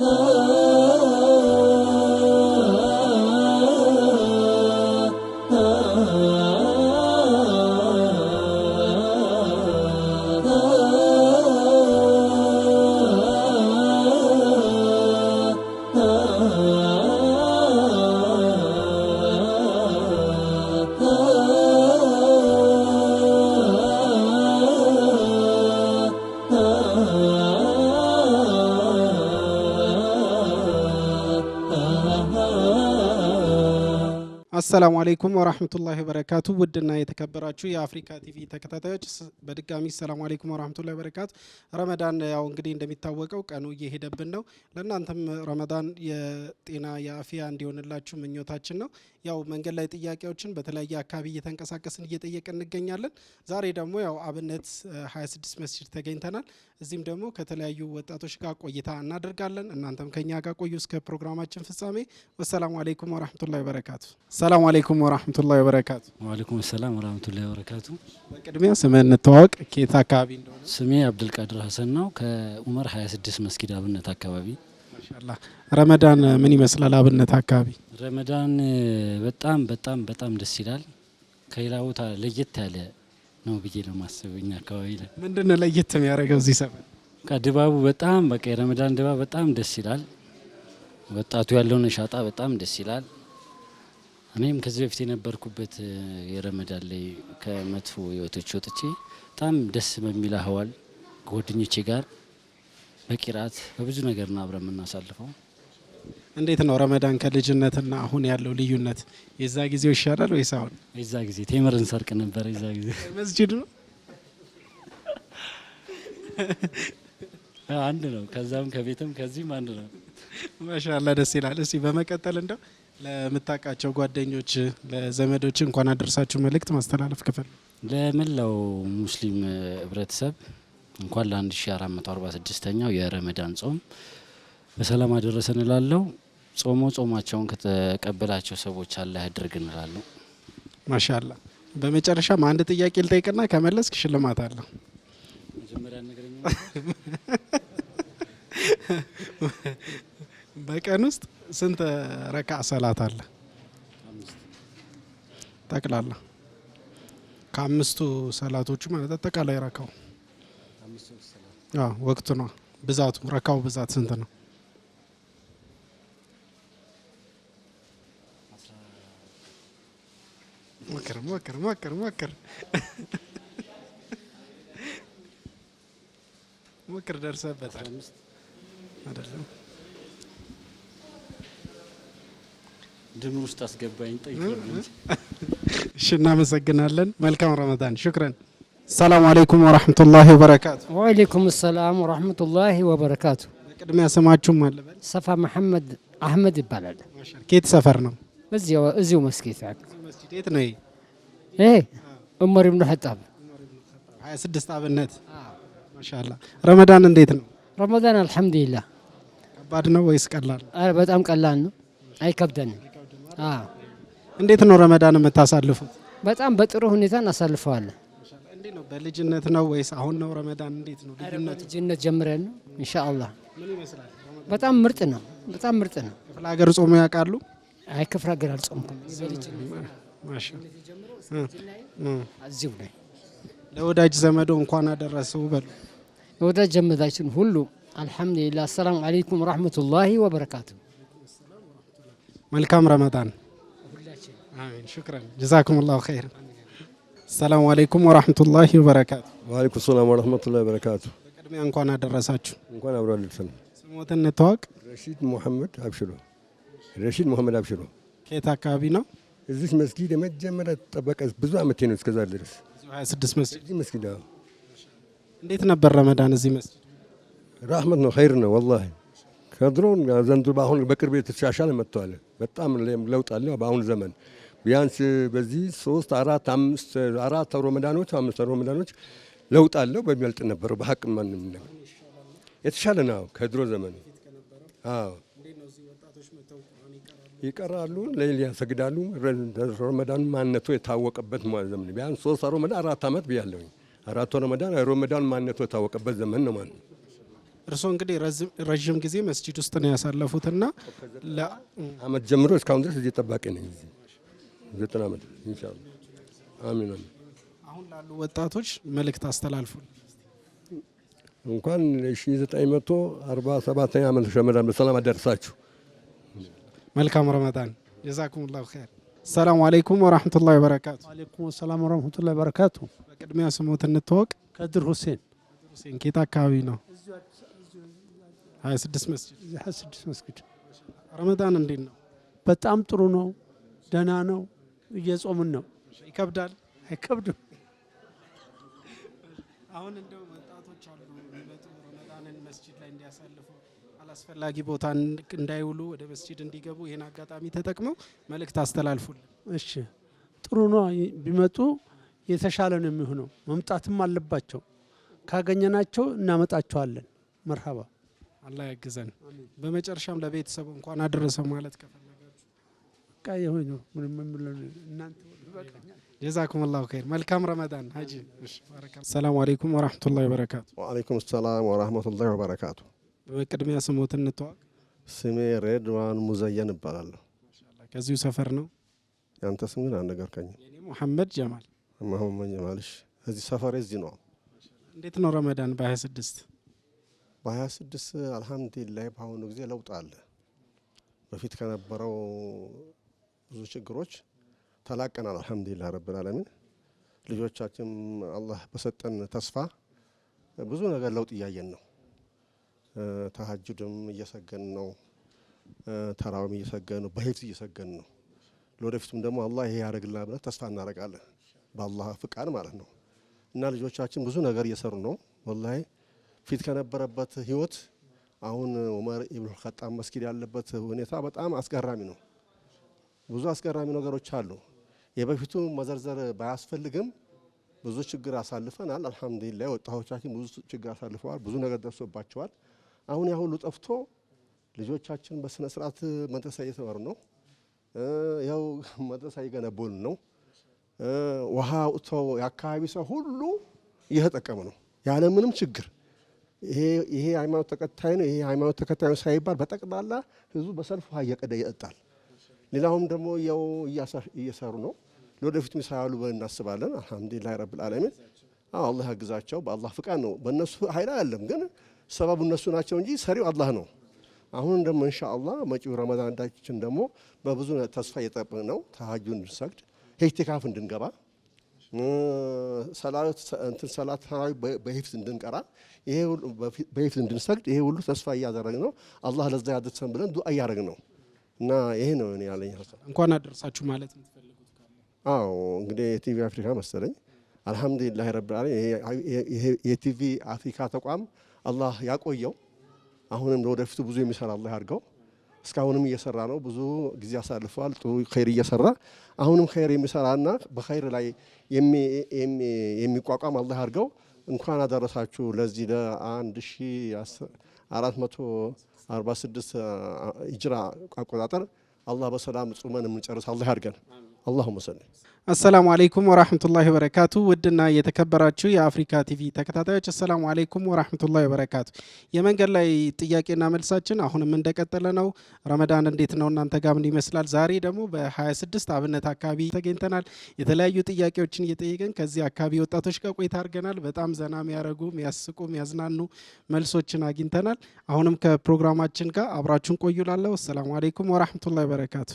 Oh. አሰላሙ አለይኩም ወራህመቱላሂ ወበረካቱ። ውድና የተከበራችሁ የአፍሪካ ቲቪ ተከታታዮች በድጋሚ ሰላሙ አለይኩም ወራህመቱላሂ ወበረካቱ። ረመዳን ያው እንግዲህ እንደሚታወቀው ቀኑ እየሄደብን ነው። ለእናንተም ረመዳን የጤና የአፍያ እንዲሆንላችሁ ምኞታችን ነው። ያው መንገድ ላይ ጥያቄዎችን በተለያየ አካባቢ እየተንቀሳቀስን እየጠየቀ እንገኛለን። ዛሬ ደግሞ ያው አብነት 26 መስጂድ ተገኝተናል። እዚህም ደግሞ ከተለያዩ ወጣቶች ጋር ቆይታ እናደርጋለን። እናንተም ከኛ ጋር ቆዩ እስከ ፕሮግራማችን ፍጻሜ። ወሰላሙ አለይኩም ወራህመቱላሂ ወበረካቱ። ሰላሙ አለይኩም ወራህመቱላሂ ወበረካቱ። ወአለይኩም ሰላም ወራህመቱላሂ ወበረካቱ። በቅድሚያ ስምን እንተዋወቅ፣ ከየት አካባቢ እንደሆነ? ስሜ አብዱልቃድር ሀሰን ነው ከኡመር 26 መስጊድ አብነት አካባቢ። ማሻአላ ረመዳን ምን ይመስላል አብነት አካባቢ? ረመዳን በጣም በጣም በጣም ደስ ይላል። ከሌላ ቦታ ለየት ያለ ነው ብዬ ነው ማስብ። እኛ አካባቢ ላይ ምንድን ነው ለየት የሚያደርገው? እዚህ ሰፈር ድባቡ በጣም በቃ የረመዳን ድባብ በጣም ደስ ይላል። ወጣቱ ያለው ነሻጣ በጣም ደስ ይላል። እኔም ከዚህ በፊት የነበርኩበት የረመዳን ላይ ከመጥፎ ህይወቶች ወጥቼ በጣም ደስ በሚል አህዋል ከጓደኞቼ ጋር በቂራት በብዙ ነገር ና አብረ የምናሳልፈው። እንዴት ነው ረመዳን ከልጅነትና አሁን ያለው ልዩነት? የዛ ጊዜው ይሻላል ወይስ አሁን? የዛ ጊዜ ቴምር እንሰርቅ ነበር። የዛ ጊዜ መስጅድ ነው አንድ ነው። ከዛም ከቤትም ከዚህም አንድ ነው። ማሻላ ደስ ይላል። እስቲ በመቀጠል እንደው ለምታውቃቸው ጓደኞች፣ ለዘመዶች እንኳን አደረሳችሁ መልእክት ማስተላለፍ ክፍል ለመላው ሙስሊም ህብረተሰብ እንኳን ለ1446ኛው የረመዳን ጾም በሰላም አደረሰን እላለሁ። ጾሞ ጾማቸውን ከተቀበላቸው ሰዎች አላህ ያድርግ እንላለሁ። ማሻላ። በመጨረሻም አንድ ጥያቄ ልጠይቅና ከመለስክ ሽልማት አለሁ። በቀን ውስጥ ስንት ረካዕ ሰላት አለ? ጠቅላላ ከአምስቱ ሰላቶቹ ማለት አጠቃላይ ረካው ወቅቱ ነው። ብዛቱ ረካው ብዛት ስንት ነው? ሞክር ሞክር ሞክር ሞክር ሞክር ደርሰበታል አይደለም ድምር ውስጥ አስገባኝ ጠይቅ። እሺ፣ እናመሰግናለን። መልካም ረመዳን። ሹክረን። ሰላም አለይኩም ወራህመቱላሂ ወበረካቱ። ወአለይኩም ሰላም ወራህመቱላሂ ወበረካቱ። በቅድሚያ ስማችሁም አለ በል። ሰፋ መሐመድ አህመድ ይባላል። ኬት ሰፈር ነው? እዚሁ መስጊድ መስጊድ። የት ነው ይሄ? ዑመር ብኑ ኸጣብ 26 አብነት። ማሻአላ። ረመዳን እንዴት ነው? ረመዳን አልሐምዱሊላህ። ከባድ ነው ወይስ ቀላል? በጣም ቀላል ነው፣ አይከብደንም እንዴት ነው ረመዳን የምታሳልፉት? በጣም በጥሩ ሁኔታ እናሳልፈዋለን። እንዴት ነው በልጅነት ነው ወይስ አሁን ነው ረመዳን? እንዴት ነው ልጅነት ልጅነት ጀምረን ነው ኢንሻአላህ። በጣም ምርጥ ነው። በጣም ምርጥ ነው። ክፍለ ሀገር ጾሙ ያውቃሉ? አይ ክፍለ ሀገር አልጾምኩም። እዚሁ ላይ ለወዳጅ ዘመዶ እንኳን አደረሰው በሉ። ለወዳጅ ዘመዳችን ሁሉ አልሐምዱሊላህ። አሰላሙ አለይኩም ወራህመቱላሂ ወበረካቱሁ መልካም ረመዳን ሁላችን። አሜን። ሹክራን ጀዛኩሙላሁ ኸይር። አሰላሙ አለይኩም ወራህመቱላሂ ወበረካቱ። ወአለይኩም ሰላም ወራህመቱላሂ ወበረካቱ። በቅድሚያ እንኳን አደረሳችሁ። እንኳን አብሮ አደረሰን። ስሞትን እንተዋወቅ። ረሺድ ሙሐመድ አብሽሮ። ረሺድ ሙሐመድ አብሽሮ። ከየት አካባቢ ነው? እዚህ መስጊድ የመጀመሪያ ተጠበቀ ብዙ አመቴ ነው እስከዛ ድረስ እዚህ መስጊድ። እንዴት ነበር ረመዳን እዚህ መስጊድ? ራህመት ነው ኸይር ነው ወላሂ ከድሮን ዘንድሮ በአሁን በቅርብ የተሻሻለ መጥተዋል። በጣም ለውጥ አለ። በአሁን ዘመን ቢያንስ በዚህ ሶስት አራት አምስት አራት መዳኖች አምስት መዳኖች ለውጥ አለው በሚበልጥ ነበረው በሀቅ ማን ማንም የተሻለ ነው ከድሮ ዘመን። አዎ ይቀራሉ፣ ሌሊት ያሰግዳሉ። ሮመዳን ማንነቱ የታወቀበት ዘመን ቢያንስ ሶስት ሮመዳን አራት አመት ብያለሁኝ። አራት ሮመዳን ሮመዳን ማንነቱ የታወቀበት ዘመን ነው ማለት ነው። እርስዎ እንግዲህ ረዥም ጊዜ መስጂድ ውስጥ ነው ያሳለፉት ያሳለፉትና ዓመት ጀምሮ እስካሁን ድረስ እዚህ ጠባቂ ነኝ። ዘጠና ዓመት ኢንሻላህ። አሚን አሚን። አሁን ላሉ ወጣቶች መልእክት አስተላልፉ። እንኳን ሺ ዘጠኝ መቶ አርባ ሰባተኛ ዓመት ረመዳን በሰላም አደረሳችሁ። መልካም ረመዳን። ጀዛኩሙላሁ ኸይር። ሰላሙ አለይኩም ወራህመቱላሂ ወበረካቱ። ወአለይኩም ሰላም ወራህመቱላሂ ወበረካቱ። በቅድሚያ ስሞት እንተዋወቅ። ከድር ሁሴን ሁሴን። ኬት አካባቢ ነው? 26 መስጊድ 26 መስጊድ። ረመዳን እንዴት ነው? በጣም ጥሩ ነው። ደህና ነው። እየጾምን ነው። ይከብዳል? አይከብድም። አሁን እንደው ወጣቶች አሉ የሚመጡ ረመዳንን መስጂድ ላይ እንዲያሳልፉ አላስፈላጊ ቦታ እንዳይውሉ ወደ መስጂድ እንዲገቡ ይህን አጋጣሚ ተጠቅመው መልእክት አስተላልፉልን። እሺ ጥሩ ነው። ቢመጡ የተሻለ ነው የሚሆነው። መምጣትም አለባቸው። ካገኘናቸው እናመጣቸዋለን። መርሀባ አላህ ያግዘን። በመጨረሻም ለቤተሰቡ እንኳን አደረሰ ማለት ከፈለጋችሁ በቃ የሆነ ነው ምንም ምንም እናንተ ጀዛኩም አላሁ ኸይር። መልካም ረመዳን ሀጂ። ሰላም አለይኩም ወራህመቱላሂ ወበረካቱ። ወአለይኩም ሰላም ወራህመቱላሂ ወበረካቱ። በቅድሚያ ስሞት እንተዋወቅ። ስሜ ሬድዋን ሙዘየን እባላለሁ። ከዚሁ ሰፈር ነው። ያንተ ስም ግን አነገርከኝ። ሙሐመድ ጀማል። መሐመድ ጀማልሽ። እዚህ ሰፈሬ እዚህ ነው። እንዴት ነው ረመዳን በ ስድስት በሀያ ስድስት አልሐምዱሊላህ በአሁኑ ጊዜ ለውጥ አለ። በፊት ከነበረው ብዙ ችግሮች ተላቀናል። አልሐምዱሊላህ ረብል አለሚን ልጆቻችን አላህ በሰጠን ተስፋ ብዙ ነገር ለውጥ እያየን ነው። ተሀጅድም እየሰገን ነው። ተራውም እየሰገን ነው። በሂፍዝ እየሰገን ነው። ለወደፊቱም ደግሞ አላህ ይሄ ያደርግልናል ብለን ተስፋ እናደርጋለን። በአላህ ፍቃድ ማለት ነው እና ልጆቻችን ብዙ ነገር እየሰሩ ነው ወላሂ ፊት ከነበረበት ህይወት አሁን ኡመር ኢብኑል ኸጣብ መስጊድ ያለበት ሁኔታ በጣም አስገራሚ ነው። ብዙ አስገራሚ ነገሮች አሉ። የበፊቱ መዘርዘር ባያስፈልግም ብዙ ችግር አሳልፈናል። አልሐምዱሊላህ ወጣቶቻችን ብዙ ችግር አሳልፈዋል። ብዙ ነገር ደርሶባቸዋል። አሁን ያ ሁሉ ጠፍቶ ልጆቻችን በስነ ስርዓት መድረሳ እየተማሩ ነው። ያው መድረሳ እየገነቡን ነው። ውሃ ውጥተው የአካባቢ ሰው ሁሉ እየተጠቀመ ነው ያለምንም ችግር ይሄ ሃይማኖት ተከታይ ነው፣ ይሄ ሃይማኖት ተከታይ ነው ሳይባል በጠቅላላ ህዝቡ በሰልፍ ውሃ እየቀደ ይጠጣል። ሌላውም ደግሞ ያው እየሰሩ ነው። ለወደፊት ይሰራሉ ብለን እናስባለን። አልሐምዱሊላህ ረብል ዓለሚን። አላህ ያግዛቸው። በአላህ ፍቃድ ነው፣ በእነሱ ኃይል አይደለም። ግን ሰበቡ እነሱ ናቸው እንጂ ሰሪው አላህ ነው። አሁን ደግሞ ኢንሻአላህ መጪው ረመዳን ዳችን ደግሞ በብዙ ተስፋ እየጠበቅን ነው። ተሀጁን እንድንሰግድ ሄጅቴካፍ እንድንገባ ሰላት ተራዊ በሂፍዝ እንድንቀራ በሂፍዝ እንድንሰግድ ይሄ ሁሉ ተስፋ እያደረግን ነው። አላህ ለዛ ያድርሰን ብለን ዱአ እያደረግ ነው እና ይሄ ነው እኔ ያለኝ ሀሳብ። እንኳን አደረሳችሁ ማለት አዎ እንግዲህ የቲቪ አፍሪካ መሰለኝ አልሐምዱሊላህ ረብል የቲቪ አፍሪካ ተቋም አላህ ያቆየው። አሁንም ለወደፊቱ ብዙ የሚሰራ አላህ ያድርገው። እስካሁንም እየሰራ ነው። ብዙ ጊዜ አሳልፈዋል። ጥሩ ኸይር እየሰራ አሁንም ኸይር የሚሰራና በኸይር ላይ የሚቋቋም አላህ አድርገው። እንኳን አደረሳችሁ ለዚህ ለ1446 ሂጅራ አቆጣጠር አላህ በሰላም ጾመን የምንጨርስ አላህ አድርገን። አላሁመ ሰሊ። አሰላሙ አለይኩም ወራህመቱላሂ ወበረካቱ። ውድና የተከበራችሁ የአፍሪካ ቲቪ ተከታታዮች አሰላሙ አለይኩም ወራህመቱላሂ ወበረካቱ። የመንገድ ላይ ጥያቄና መልሳችን አሁንም እንደቀጠለ ነው። ረመዳን እንዴት ነው እናንተ ጋር ምን ይመስላል? ዛሬ ደግሞ በ26 አብነት አካባቢ ተገኝተናል። የተለያዩ ጥያቄዎችን እየጠየቅን ከዚህ አካባቢ ወጣቶች ጋር ቆይታ አድርገናል። በጣም ዘና የሚያደርጉ የሚያስቁ፣ የሚያዝናኑ መልሶችን አግኝተናል። አሁንም ከፕሮግራማችን ጋር አብራችሁን ቆዩ ላለሁ። አሰላሙ አለይኩም ወራህመቱላሂ ወበረካቱ።